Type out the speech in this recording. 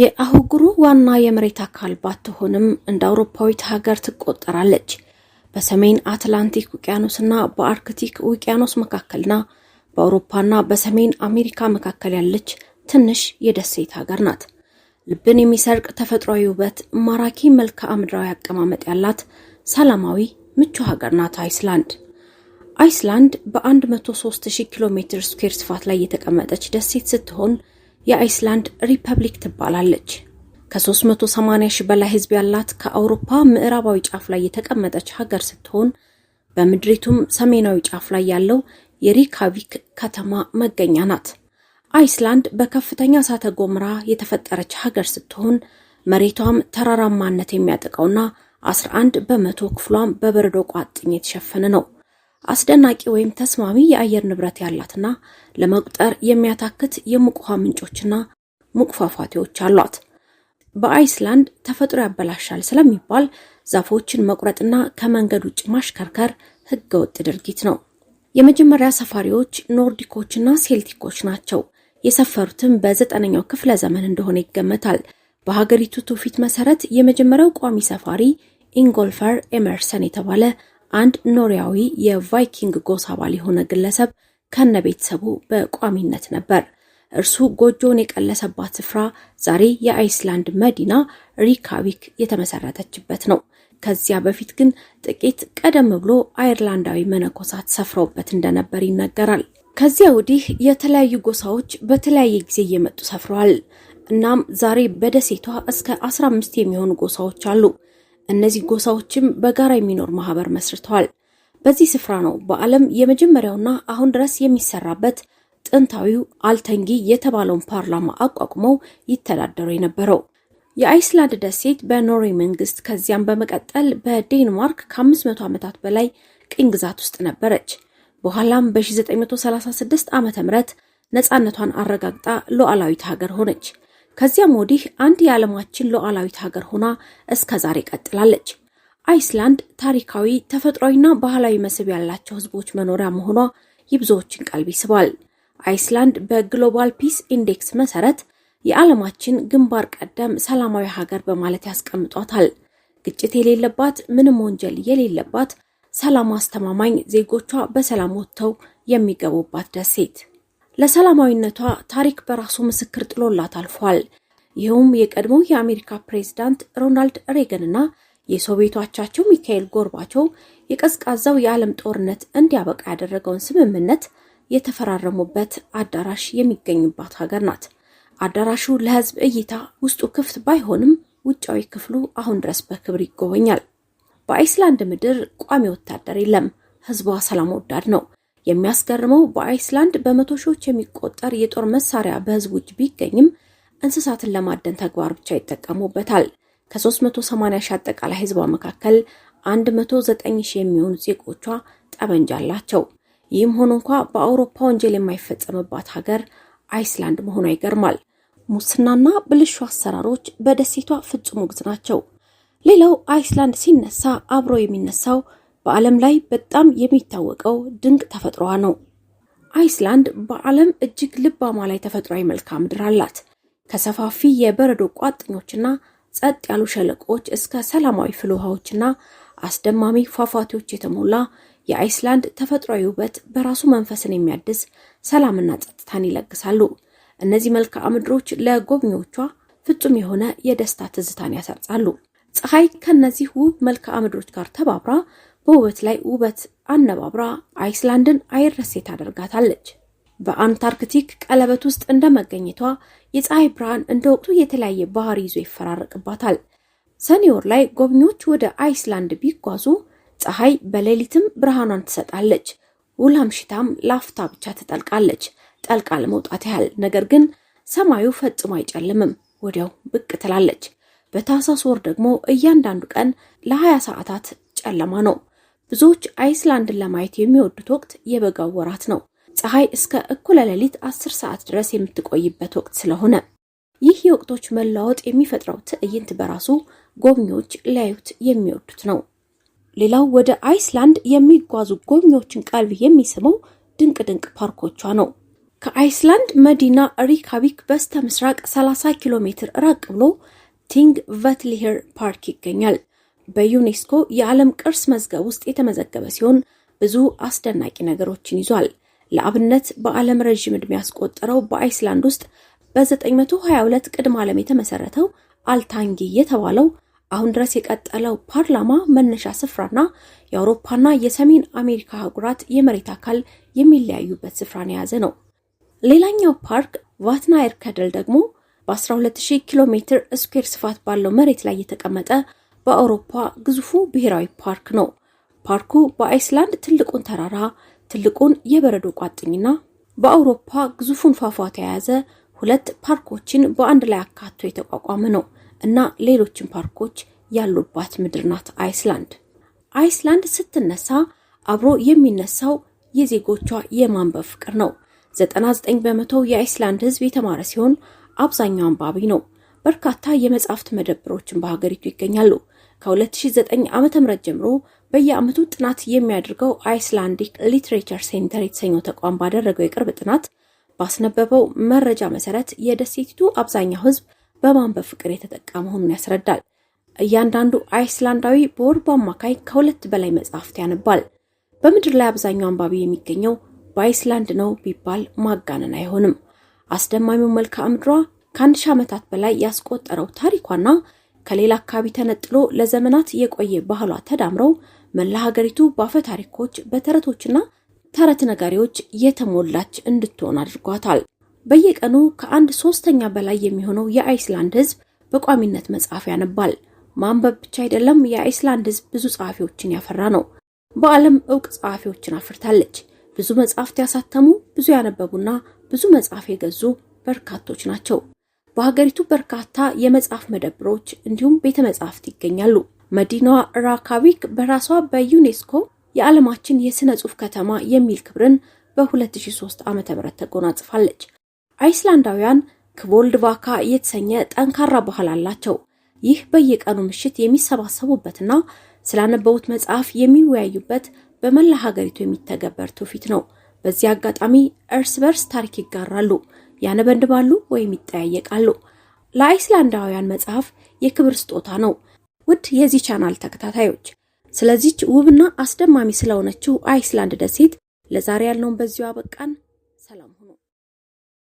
የአህጉሩ ዋና የመሬት አካል ባትሆንም እንደ አውሮፓዊት ሀገር ትቆጠራለች። በሰሜን አትላንቲክ ውቅያኖስና በአርክቲክ ውቅያኖስ መካከልና በአውሮፓና በሰሜን አሜሪካ መካከል ያለች ትንሽ የደሴት ሀገር ናት። ልብን የሚሰርቅ ተፈጥሯዊ ውበት፣ ማራኪ መልክዓ ምድራዊ አቀማመጥ ያላት ሰላማዊ ምቹ ሀገር ናት አይስላንድ። አይስላንድ በ130 ኪሎ ሜትር ስኩዌር ስፋት ላይ የተቀመጠች ደሴት ስትሆን የአይስላንድ ሪፐብሊክ ትባላለች። ከ380 ሺህ በላይ ህዝብ ያላት ከአውሮፓ ምዕራባዊ ጫፍ ላይ የተቀመጠች ሀገር ስትሆን በምድሪቱም ሰሜናዊ ጫፍ ላይ ያለው የሪካቪክ ከተማ መገኛ ናት። አይስላንድ በከፍተኛ እሳተ ጎምራ የተፈጠረች ሀገር ስትሆን መሬቷም ተራራማነት የሚያጠቃውና 11 በመቶ ክፍሏም በበረዶ ቋጥኝ የተሸፈነ ነው። አስደናቂ ወይም ተስማሚ የአየር ንብረት ያላትና ለመቁጠር የሚያታክት የሙቅ ውሃ ምንጮችና ሙቅ ፏፏቴዎች አሏት። በአይስላንድ ተፈጥሮ ያበላሻል ስለሚባል ዛፎችን መቁረጥና ከመንገድ ውጭ ማሽከርከር ህገወጥ ድርጊት ነው። የመጀመሪያ ሰፋሪዎች ኖርዲኮችና ሴልቲኮች ናቸው። የሰፈሩትም በዘጠነኛው ክፍለ ዘመን እንደሆነ ይገመታል። በሀገሪቱ ትውፊት መሰረት የመጀመሪያው ቋሚ ሰፋሪ ኢንጎልፈር ኤመርሰን የተባለ አንድ ኖሪያዊ የቫይኪንግ ጎሳ አባል የሆነ ግለሰብ ከነ ቤተሰቡ በቋሚነት ነበር። እርሱ ጎጆውን የቀለሰባት ስፍራ ዛሬ የአይስላንድ መዲና ሪካዊክ የተመሰረተችበት ነው። ከዚያ በፊት ግን ጥቂት ቀደም ብሎ አይርላንዳዊ መነኮሳት ሰፍረውበት እንደነበር ይነገራል። ከዚያ ወዲህ የተለያዩ ጎሳዎች በተለያየ ጊዜ እየመጡ ሰፍረዋል። እናም ዛሬ በደሴቷ እስከ 15 የሚሆኑ ጎሳዎች አሉ። እነዚህ ጎሳዎችም በጋራ የሚኖር ማህበር መስርተዋል። በዚህ ስፍራ ነው በዓለም የመጀመሪያውና አሁን ድረስ የሚሰራበት ጥንታዊው አልተንጊ የተባለውን ፓርላማ አቋቁመው ይተዳደሩ የነበረው። የአይስላንድ ደሴት በኖርዌይ መንግስት ከዚያም በመቀጠል በዴንማርክ ከ500 ዓመታት በላይ ቅኝ ግዛት ውስጥ ነበረች። በኋላም በ1936 ዓ ም ነፃነቷን አረጋግጣ ሉዓላዊት ሀገር ሆነች። ከዚያም ወዲህ አንድ የዓለማችን ሉዓላዊት ሀገር ሆና እስከ ዛሬ ቀጥላለች። አይስላንድ ታሪካዊ፣ ተፈጥሯዊና ባህላዊ መስህብ ያላቸው ሕዝቦች መኖሪያ መሆኗ የብዙዎችን ቀልብ ይስባል። አይስላንድ በግሎባል ፒስ ኢንዴክስ መሰረት የዓለማችን ግንባር ቀደም ሰላማዊ ሀገር በማለት ያስቀምጧታል። ግጭት የሌለባት፣ ምንም ወንጀል የሌለባት፣ ሰላም አስተማማኝ፣ ዜጎቿ በሰላም ወጥተው የሚገቡባት ደሴት ለሰላማዊነቷ ታሪክ በራሱ ምስክር ጥሎላት አልፏል። ይኸውም የቀድሞ የአሜሪካ ፕሬዝዳንት ሮናልድ ሬገንና የሶቪየቱ አቻቸው ሚካኤል ጎርባቾቭ የቀዝቃዛው የዓለም ጦርነት እንዲያበቃ ያደረገውን ስምምነት የተፈራረሙበት አዳራሽ የሚገኝባት ሀገር ናት። አዳራሹ ለሕዝብ እይታ ውስጡ ክፍት ባይሆንም ውጫዊ ክፍሉ አሁን ድረስ በክብር ይጎበኛል። በአይስላንድ ምድር ቋሚ ወታደር የለም። ሕዝቧ ሰላም ወዳድ ነው። የሚያስገርመው በአይስላንድ በመቶ ሺዎች የሚቆጠር የጦር መሳሪያ በህዝቡ እጅ ቢገኝም እንስሳትን ለማደን ተግባር ብቻ ይጠቀሙበታል። ከ380 ሺህ አጠቃላይ ህዝቧ መካከል 109 ሺህ የሚሆኑ ዜጎቿ ጠመንጃ አላቸው። ይህም ሆኖ እንኳ በአውሮፓ ወንጀል የማይፈጸምባት ሀገር አይስላንድ መሆኗ ይገርማል። ሙስናና ብልሹ አሰራሮች በደሴቷ ፍጹም ውግዝ ናቸው። ሌላው አይስላንድ ሲነሳ አብሮ የሚነሳው በዓለም ላይ በጣም የሚታወቀው ድንቅ ተፈጥሮዋ ነው። አይስላንድ በዓለም እጅግ ልባማ ላይ ተፈጥሯዊ መልክዓ ምድር አላት። ከሰፋፊ የበረዶ ቋጥኞችና ጸጥ ያሉ ሸለቆዎች እስከ ሰላማዊ ፍልውሃዎችና አስደማሚ ፏፏቴዎች የተሞላ የአይስላንድ ተፈጥሯዊ ውበት በራሱ መንፈስን የሚያድስ ሰላምና ጸጥታን ይለግሳሉ። እነዚህ መልክዓ ምድሮች ለጎብኚዎቿ ፍጹም የሆነ የደስታ ትዝታን ያሰርጻሉ። ፀሐይ ከእነዚህ ውብ መልክዓ ምድሮች ጋር ተባብራ በውበት ላይ ውበት አነባብራ አይስላንድን አይረሴ ታደርጋታለች። በአንታርክቲክ ቀለበት ውስጥ እንደ መገኘቷ የፀሐይ ብርሃን እንደ ወቅቱ የተለያየ ባህሪ ይዞ ይፈራረቅባታል። ሰኔ ወር ላይ ጎብኚዎች ወደ አይስላንድ ቢጓዙ ፀሐይ በሌሊትም ብርሃኗን ትሰጣለች። ውላም ሽታም ላፍታ ብቻ ትጠልቃለች፣ ጠልቃ ለመውጣት ያህል። ነገር ግን ሰማዩ ፈጽሞ አይጨልምም፣ ወዲያው ብቅ ትላለች። በታህሳስ ወር ደግሞ እያንዳንዱ ቀን ለ ለ20 ሰዓታት ጨለማ ነው። ብዙዎች አይስላንድን ለማየት የሚወዱት ወቅት የበጋው ወራት ነው። ፀሐይ እስከ እኩለ ሌሊት አስር ሰዓት ድረስ የምትቆይበት ወቅት ስለሆነ ይህ የወቅቶች መለዋወጥ የሚፈጥረው ትዕይንት በራሱ ጎብኚዎች ሊያዩት የሚወዱት ነው። ሌላው ወደ አይስላንድ የሚጓዙ ጎብኚዎችን ቀልብ የሚስመው ድንቅ ድንቅ ፓርኮቿ ነው። ከአይስላንድ መዲና ሪካቪክ በስተ ምስራቅ 30 ኪሎ ሜትር ራቅ ብሎ ቲንግ ቨትሊሄር ፓርክ ይገኛል። በዩኔስኮ የዓለም ቅርስ መዝገብ ውስጥ የተመዘገበ ሲሆን ብዙ አስደናቂ ነገሮችን ይዟል። ለአብነት በዓለም ረዥም ዕድሜ ያስቆጠረው በአይስላንድ ውስጥ በ922 ቅድመ ዓለም የተመሰረተው አልታንጊ የተባለው አሁን ድረስ የቀጠለው ፓርላማ መነሻ ስፍራና የአውሮፓና የሰሜን አሜሪካ አህጉራት የመሬት አካል የሚለያዩበት ስፍራን የያዘ ነው። ሌላኛው ፓርክ ቫትናየር ከደል ደግሞ በ12000 ኪሎ ሜትር ስኩዌር ስፋት ባለው መሬት ላይ የተቀመጠ በአውሮፓ ግዙፉ ብሔራዊ ፓርክ ነው። ፓርኩ በአይስላንድ ትልቁን ተራራ፣ ትልቁን የበረዶ ቋጥኝና በአውሮፓ ግዙፉን ፏፏቴ የያዘ ሁለት ፓርኮችን በአንድ ላይ አካቶ የተቋቋመ ነው እና ሌሎችን ፓርኮች ያሉባት ምድር ናት አይስላንድ። አይስላንድ ስትነሳ አብሮ የሚነሳው የዜጎቿ የማንበብ ፍቅር ነው። 99 በመቶ የአይስላንድ ሕዝብ የተማረ ሲሆን አብዛኛው አንባቢ ነው። በርካታ የመጻሕፍት መደብሮችን በሀገሪቱ ይገኛሉ። ከ2009 ዓ.ም ጀምሮ በየዓመቱ ጥናት የሚያደርገው አይስላንዲክ ሊትሬቸር ሴንተር የተሰኘው ተቋም ባደረገው የቅርብ ጥናት ባስነበበው መረጃ መሰረት የደሴቲቱ አብዛኛው ሕዝብ በማንበብ ፍቅር የተጠቃ መሆኑን ያስረዳል። እያንዳንዱ አይስላንዳዊ በወር በአማካይ ከሁለት በላይ መጽሐፍት ያነባል። በምድር ላይ አብዛኛው አንባቢ የሚገኘው በአይስላንድ ነው ቢባል ማጋነን አይሆንም። አስደማሚው መልክዓ ምድሯ ከአንድ ሺህ ዓመታት በላይ ያስቆጠረው ታሪኳና ከሌላ አካባቢ ተነጥሎ ለዘመናት የቆየ ባህሏ ተዳምረው መላ ሀገሪቱ በአፈ ታሪኮች በተረቶችና ተረት ነጋሪዎች የተሞላች እንድትሆን አድርጓታል። በየቀኑ ከአንድ ሶስተኛ በላይ የሚሆነው የአይስላንድ ሕዝብ በቋሚነት መጽሐፍ ያነባል። ማንበብ ብቻ አይደለም፣ የአይስላንድ ህዝብ ብዙ ጸሐፊዎችን ያፈራ ነው። በዓለም እውቅ ጸሐፊዎችን አፍርታለች። ብዙ መጽሐፍት ያሳተሙ፣ ብዙ ያነበቡና ብዙ መጽሐፍ የገዙ በርካቶች ናቸው። በሀገሪቱ በርካታ የመጽሐፍ መደብሮች እንዲሁም ቤተ መጽሐፍት ይገኛሉ። መዲናዋ ራካቢክ በራሷ በዩኔስኮ የዓለማችን የሥነ ጽሑፍ ከተማ የሚል ክብርን በ2003 ዓ.ም ተጎናጽፋለች። አይስላንዳውያን ቫካ የተሰኘ ጠንካራ ባህል አላቸው። ይህ በየቀኑ ምሽት የሚሰባሰቡበትና ስላነበቡት መጽሐፍ የሚወያዩበት በመላ ሀገሪቱ የሚተገበር ትውፊት ነው። በዚህ አጋጣሚ እርስ በርስ ታሪክ ይጋራሉ። ያነበንድባሉ ወይም ይጠያየቃሉ። ለአይስላንዳውያን መጽሐፍ የክብር ስጦታ ነው። ውድ የዚህ ቻናል ተከታታዮች ስለዚች ውብና አስደማሚ ስለሆነችው አይስላንድ ደሴት ለዛሬ ያልነውን በዚሁ አበቃን።